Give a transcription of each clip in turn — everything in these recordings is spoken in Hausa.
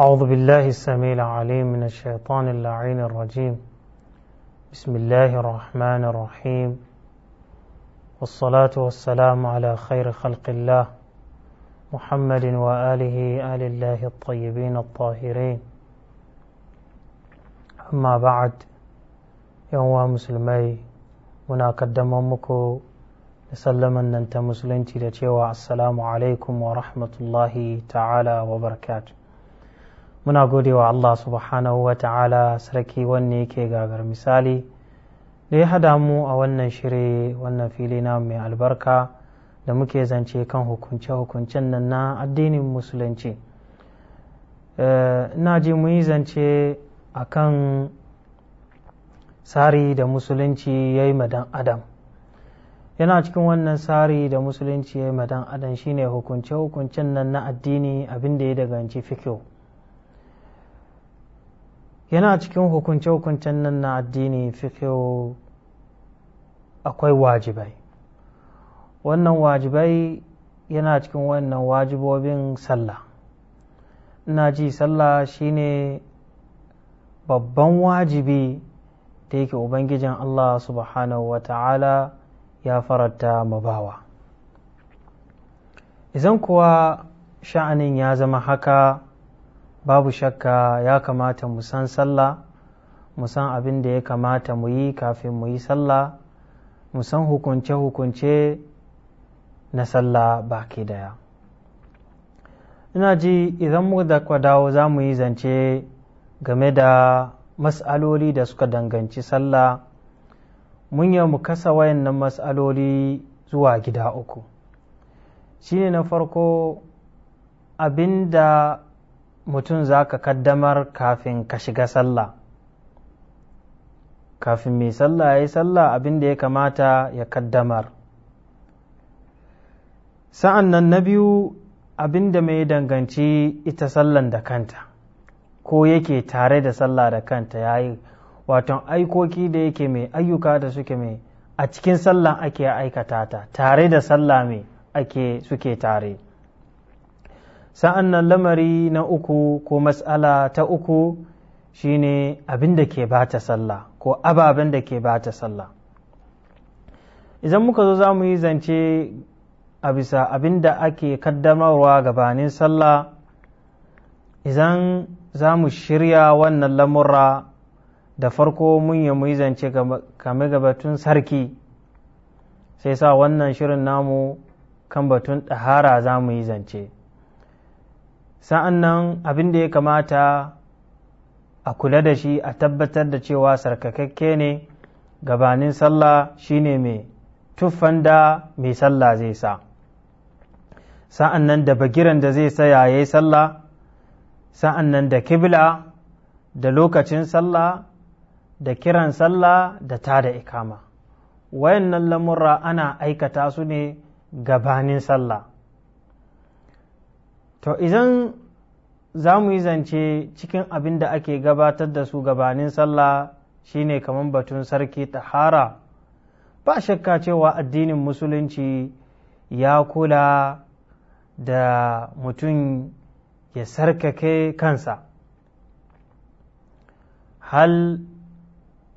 أعوذ بالله السميع العليم من الشيطان اللعين الرجيم بسم الله الرحمن الرحيم والصلاة والسلام على خير خلق الله محمد وآله آل الله الطيبين الطاهرين أما بعد يوم مسلمي هنا قدم أمك لسلم أن أنت مسلمتي لتيوى السلام عليكم ورحمة الله تعالى وبركاته muna gode wa Allah subhanahu wa ta'ala sarki wanne yake gagar misali da ya hada mu a wannan shiri wannan fili na mai albarka da muke zance kan hukunce-hukuncen nan na addinin musulunci eh, na ji mu yi zance a kan tsari da musulunci ya yi madan adam yana cikin wannan tsari da musulunci ya yi madan adam shine hukunce-hukuncen nan na addini abinda da ya daganci fikiyo yana cikin hukunce-hukuncen nan na addini fikiyo akwai wajibai wannan wajibai yana cikin wannan wajibobin sallah ina ji sallah shine babban wajibi da yake ubangijin allah subhanahu wa ta'ala ya faranta mabawa idan kuwa sha'anin ya zama haka babu shakka ya kamata mu san sallah mu san abin da ya kamata mu yi kafin mu yi sallah mu san hukunce-hukunce na sallah baki daya ina ji idan mu da dawo za mu yi zance game da mas'aloli da suka danganci sallah mun yi mu kasa wayannan mas'aloli zuwa gida uku shine na farko abin da. mutum za ka kaddamar kafin ka shiga sallah kafin mai sallah ya yi sallah abin da ya kamata ya kaddamar sa'an nan na biyu abin da mai danganci ita sallan da kanta ko yake tare da sallah da kanta ya yi waton aikoki da yake mai ayyuka da suke mai a cikin sallan ake aikata ta tare da sallah mai ake suke tare. sa'an nan lamari na uku ko matsala ta uku shine abin da ke bata sallah ko ababen da ke bata sallah idan muka zo za mu yi zance a bisa abin da ake kaddamarwa gabanin sallah idan za mu shirya wannan lamura da farko mun yi mu yi zance kame ga batun sarki sai sa wannan shirin namu kan batun ɗahara za mu yi zance sa'an nan abin da ya kamata a kula da shi a tabbatar da cewa sarkakakke ne gabanin sallah shine mai tuffan da mai sallah zai sa sa'an nan da bagiran da zai saya ya sallah sa'an nan da kibla da lokacin sallah da kiran sallah da ta da ikama wayannan lamurra ana aikata su ne gabanin sallah to idan za mu yi zance cikin abin da ake gabatar da su gabanin sallah shi ne kamar batun sarki tahara ba shakka cewa addinin musulunci ya kula da mutum ya sarkake kansa hal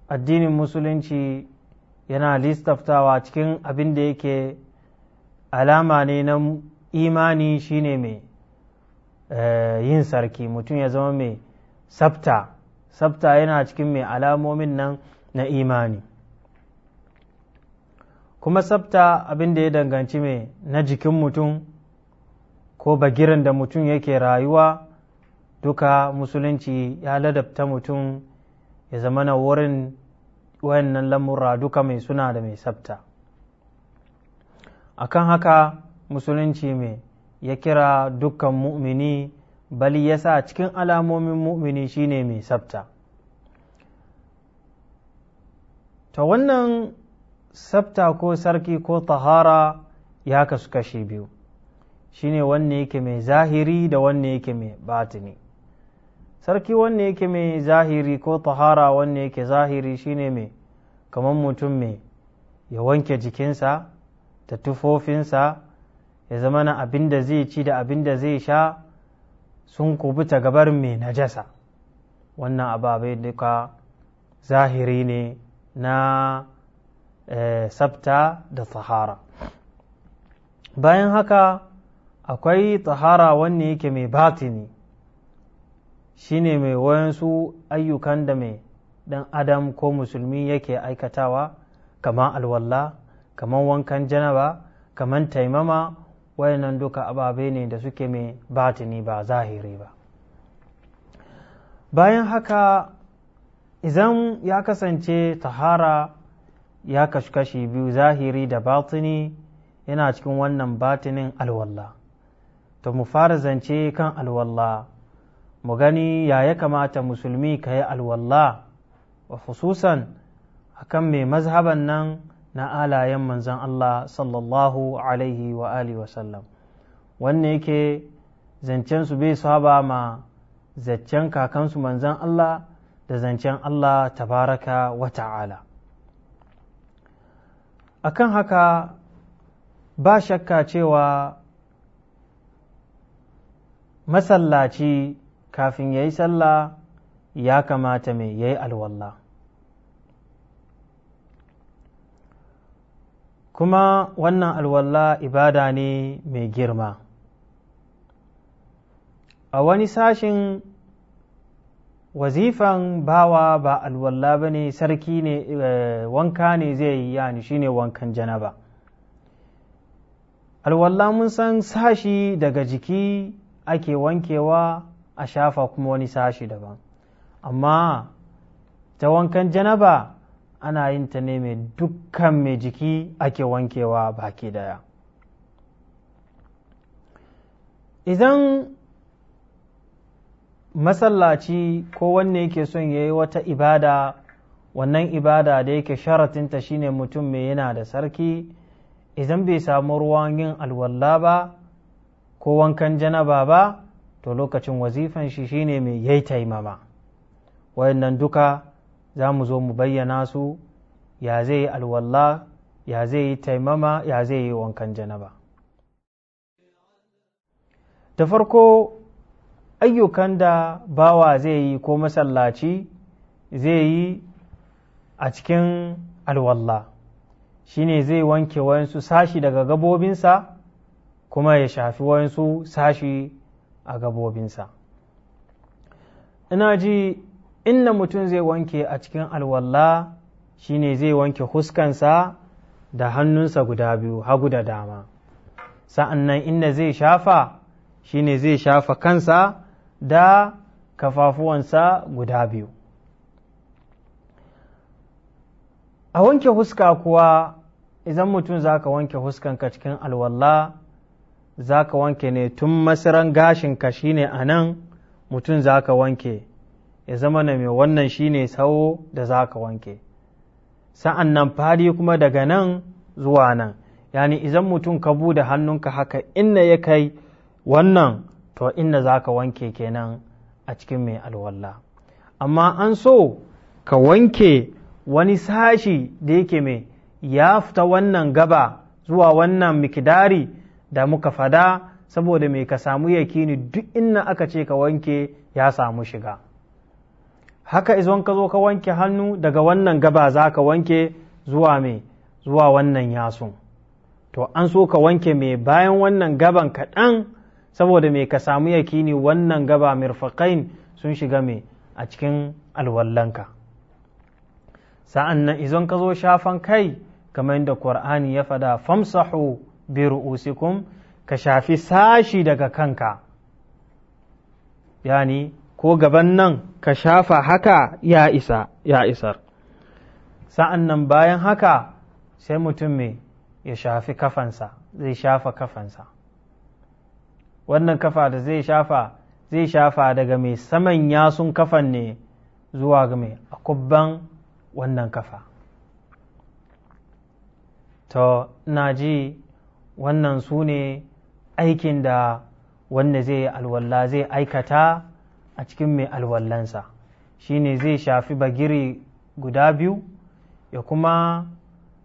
addinin musulunci yana listaftawa cikin abin da yake alama ne na imani shine mai Eh, yin sarki mutum ya zama mai sabta sabta yana cikin mai alamomin nan na imani kuma sabta abin da ya danganci mai na jikin mutum ko bagiran da mutum yake rayuwa duka musulunci ya ladabta mutum ya zama na wurin wayannan lamura duka mai suna da mai sabta akan haka musulunci mai ya kira dukkan mu'mini bali ya sa cikin alamomin mu'mini shine mai sabta ta wannan sabta ko sarki ko tahara ya kasu kashe biyu shine wanne yake mai zahiri da wanne yake mai batini sarki wanne yake mai zahiri ko tahara wanne yake zahiri shine mai kamar mutum mai ya wanke jikinsa ta tufofinsa ya zama na abin da zai ci da abin da zai sha sun kubuta gabar mai najasa wannan ababai duka zahiri ne na eh, sabta da tsahara bayan haka akwai tsahara wanne yake mai batini shine mai wayansu ayyukan da mai dan adam ko musulmi yake aikatawa kamar alwalla kamar wankan janaba kamar taimama wayannan duka ababe ne da suke mai batini ba zahiri ba bayan haka idan ya kasance tahara ya kashi biyu zahiri da batini yana cikin wannan batinin alwalla to mu fara zance kan alwalla mu gani ya ya kamata musulmi ka yi alwalla wa hususan akan mai mazhaban nan na alayen manzan Allah sallallahu alaihi wa alihi wasallam wanne yake su bai saba ma zaccen kakansu manzan Allah da zancen Allah tabaraka wa ta'ala akan haka ba shakka cewa masallaci kafin ya yi sallah ya kamata mai ya yi alwallah kuma wannan alwalla ibada ne mai girma a wani sashin wazifan bawa ba alwalla ba ne sarki ne eh, wanka ne zai yi yani shine wankan janaba alwalla mun san sashi daga jiki ake wankewa a shafa kuma wani sashi daban amma ta wankan janaba ana yin ta ne mai dukkan mai jiki ake wankewa baki daya idan masallaci ko wanne yake son ya yi wata ibada wannan ibada da yake sharatinta shine mutum mai yana da sarki idan bai samu ruwan yin alwalla ba ko wankan janaba ba to lokacin wazifan shi shine mai yaita taimama wayannan duka za mu zo mu bayyana su ya zai yi alwalla ya zai yi taimama ya zai yi wankan janaba da farko ayyukan da bawa zai yi ko masallaci zai yi a cikin alwalla shine zai wanke wayansu sashi daga gabobinsa kuma ya shafi wayansu sashi a gabobinsa ina ji inda mutum zai wanke a cikin alwalla shine zai wanke huskansa da hannunsa guda biyu hagu da dama sa'annan nan inda zai shafa shine zai shafa kansa da kafafuwansa guda biyu a wanke huska kuwa idan mutum za ka wanke huskanka cikin alwalla za ka wanke ne tun masiran gashinka shine a nan mutum za ka wanke ya zama na mai wannan shine sau da za ka wanke sa'an nan fari kuma daga nan zuwa nan yani izan mutum ka bude hannunka haka inna ya kai wannan to inna za ka wanke kenan a cikin mai alwallah amma an so ka wanke wani sashi da yake mai ya fita wannan gaba zuwa wannan mikidari da muka fada saboda mai ka samu yakini duk inna aka ce ka wanke ya samu shiga haka izon ka zo ka wanke hannu daga wannan gaba za ka wanke zuwa mai zuwa wannan yasun to an so ka wanke mai bayan wannan gaban kaɗan saboda mai ka samu yakini wannan gaba mirfaƙain sun shiga mai a cikin alwallanka sa'an nan izon ka zo shafan kai kamar yadda ƙwar'ani ya fada famsahu bi ru'usikum ka shafi sashi daga kanka yani ko gaban nan ka shafa haka ya isa ya isar sa'an nan bayan haka sai mutum mai ya shafi kafansa zai shafa kafansa wannan kafa da zai shafa zai shafa daga mai saman yasun kafan ne zuwa ga mai akubban wannan kafa to na ji wannan su ne aikin da wanda zai alwala zai aikata a cikin mai alwallansa shine zai shafi bagire guda biyu ya kuma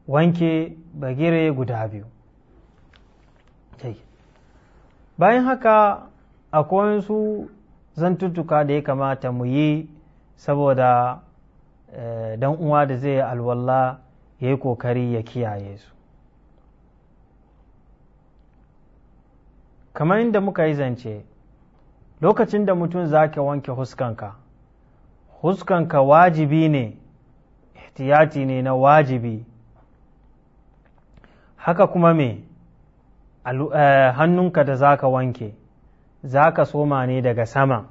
wanke bagire guda biyu bayan haka akwai su zantuttuka da ya kamata mu yi saboda eh, dan uwa da zai alwalla ya yi kokari ya kiyaye su kamar inda muka yi zance lokacin da mutum za ka wanke huskanka huskanka wajibi ne ihtiyati ne na wajibi haka kuma me eh, hannunka da za ka wanke za ka soma ne daga sama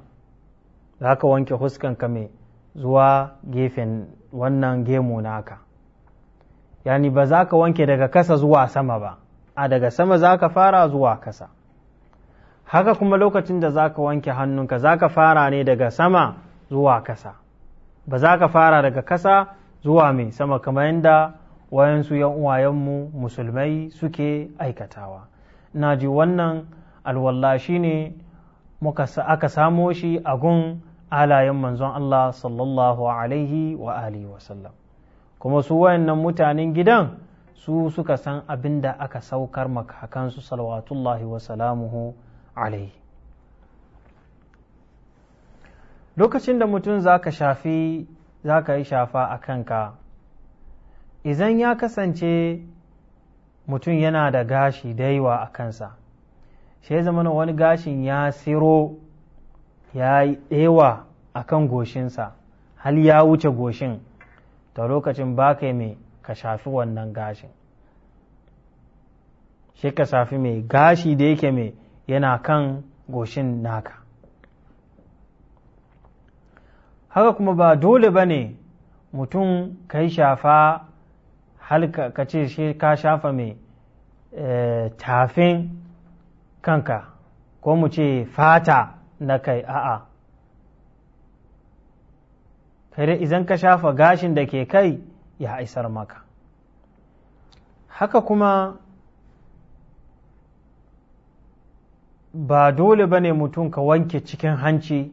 za ka wanke huskanka me zuwa gefen wannan gemu naka yani ba za ka wanke daga kasa zuwa sama ba a daga sama za ka fara zuwa kasa haka kuma lokacin da za ka wanke hannunka za ka fara ne daga sama zuwa kasa ba za ka fara daga kasa zuwa mai sama kamar yadda wayansu yan uwayenmu musulmai suke aikatawa na ji wannan alwalla shi ne aka samo shi a gun alayen manzon Allah sallallahu alaihi wa alihi wasallam kuma su wayannan mutanen gidan su suka san abin da aka saukar makakansu salawatullahi wa alaihi lokacin da mutum za ka shafi za ka yi shafa a kanka idan ya kasance mutum yana da gashi da yawa a kansa shi ya zama wani gashin ya siro ya yi ɗewa a kan goshinsa hal ya wuce goshin ta lokacin ba ka mai ka shafi wannan gashin shi ka shafi mai gashi da yake mai yana kan goshin naka haka kuma ba dole ba ne mutum ka yi shafa halka ka ce shi ka shafa mai eh, tafin kanka ko mu ce fata na kai a'a kare idan ka shafa gashin da ke kai ya isar maka haka kuma ba dole ba ne mutum ka wanke cikin hanci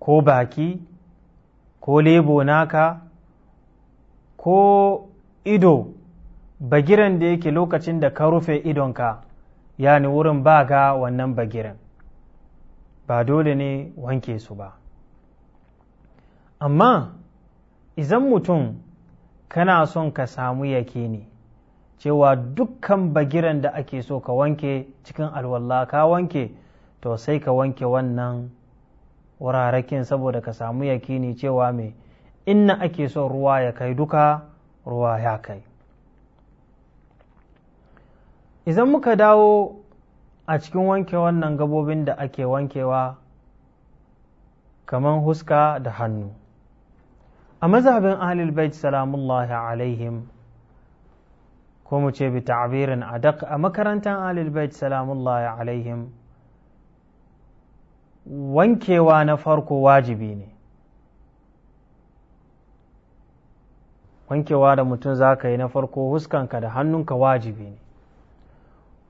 ko baki ko lebo naka ko ido bagiren da yake lokacin da ka rufe idonka yani wurin ba ga wannan bagiren ba dole ne wanke su ba amma izan mutum kana son ka samu yake ne cewa dukkan bagiran da ake so ka wanke cikin alwalla ka wanke to sai ka wanke wannan wurarakin saboda ka samu yakini cewa mai inna ake so ruwa ya kai duka ruwa ya kai idan muka dawo a cikin wanke wannan gabobin da ake wankewa kaman huska da hannu a mazhabin ahlul bait salamullahi alaihim ko mu ce bi ta'birin dak a makarantar alil bait salamullahi alaihim wankewa na farko wajibi ne wankewa da mutum za ka yi na farko huskanka da hannunka wajibi ne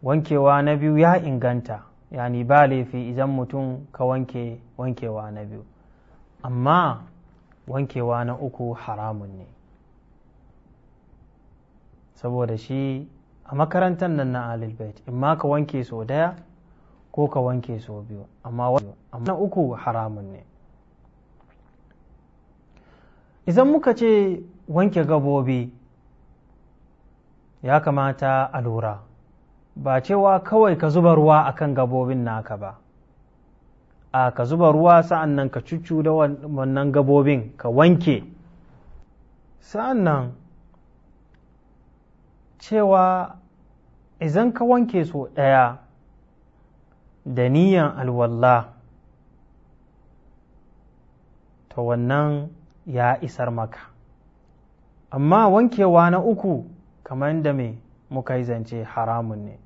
wankewa na biyu ya inganta yani ba laifi idan mutum ka wanke wankewa na biyu amma wankewa na uku haramun ne saboda shi a makarantar nan na alilbait in imma ka wanke so daya ko ka wanke so biyu amma na uku haramun ne idan muka ce wanke gabobi ya kamata a lura ba cewa kawai ka zuba ruwa akan gabobin naka ba a ka zuba ruwa sa'an nan ka cucu da wannan gabobin ka wanke sa'an nan cewa izan ka wanke so ɗaya da niyan alwalla ta wannan ya isar maka amma wankewa na uku kamar da me muka yi zance haramun ne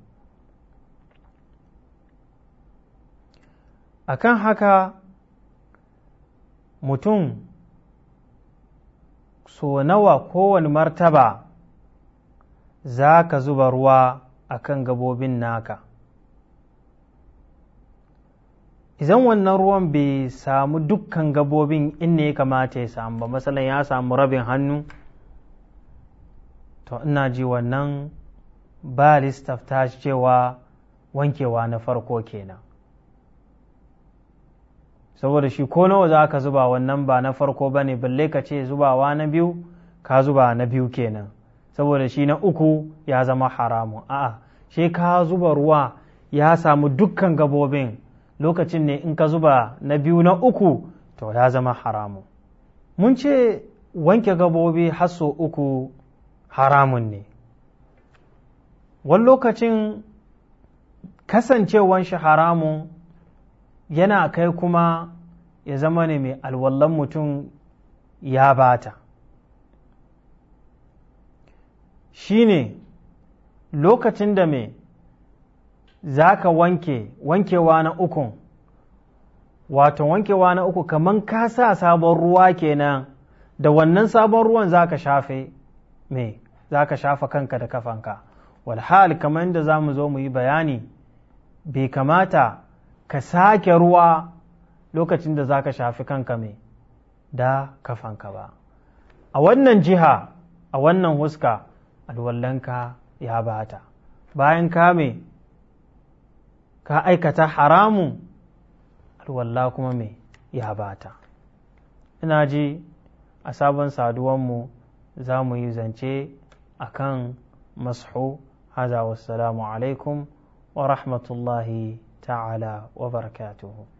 akan haka mutum so nawa kowane martaba za ka zuba ruwa a kan gabobin naka izan wannan ruwan bai samu dukkan gabobin inda ya kamata ya samu ba masalan ya samu rabin hannu to ina ji wannan ba ta cewa wankewa na farko kenan saboda shi ko nawa za ka zuba wannan ba na farko ba ne balle ka ce zubawa na biyu ka zuba na biyu kenan saboda shi na uku ya zama haramun a'a shi ka zuba ruwa ya samu dukkan gabobin lokacin ne in ka zuba na biyu na uku to ya zama haramun mun ce wanke gabobi hasso uku haramun ne wani lokacin kasancewan shi haramun yana kai kuma ya zama ne mai alwallon mutum ya bata shine lokacin da me za ka wanke wankewa na ukun wato wankewa na uku kaman ka sa sabon ruwa kenan da wannan sabon ruwan za ka shafe me za ka shafa kanka da kafanka walhal kamar yadda za mu zo mu yi bayani bai kamata ka sake ruwa lokacin da za ka shafi kanka me da kafanka ba a wannan jiha a wannan huska alwallanka ya bata bayan kame ka aikata haramu alwalla kuma me ya bata ina ji a sabon saduwanmu za mu yi zance a kan mashu haza wassalamu alaikum wa rahmatullahi ta'ala wa barakatuhu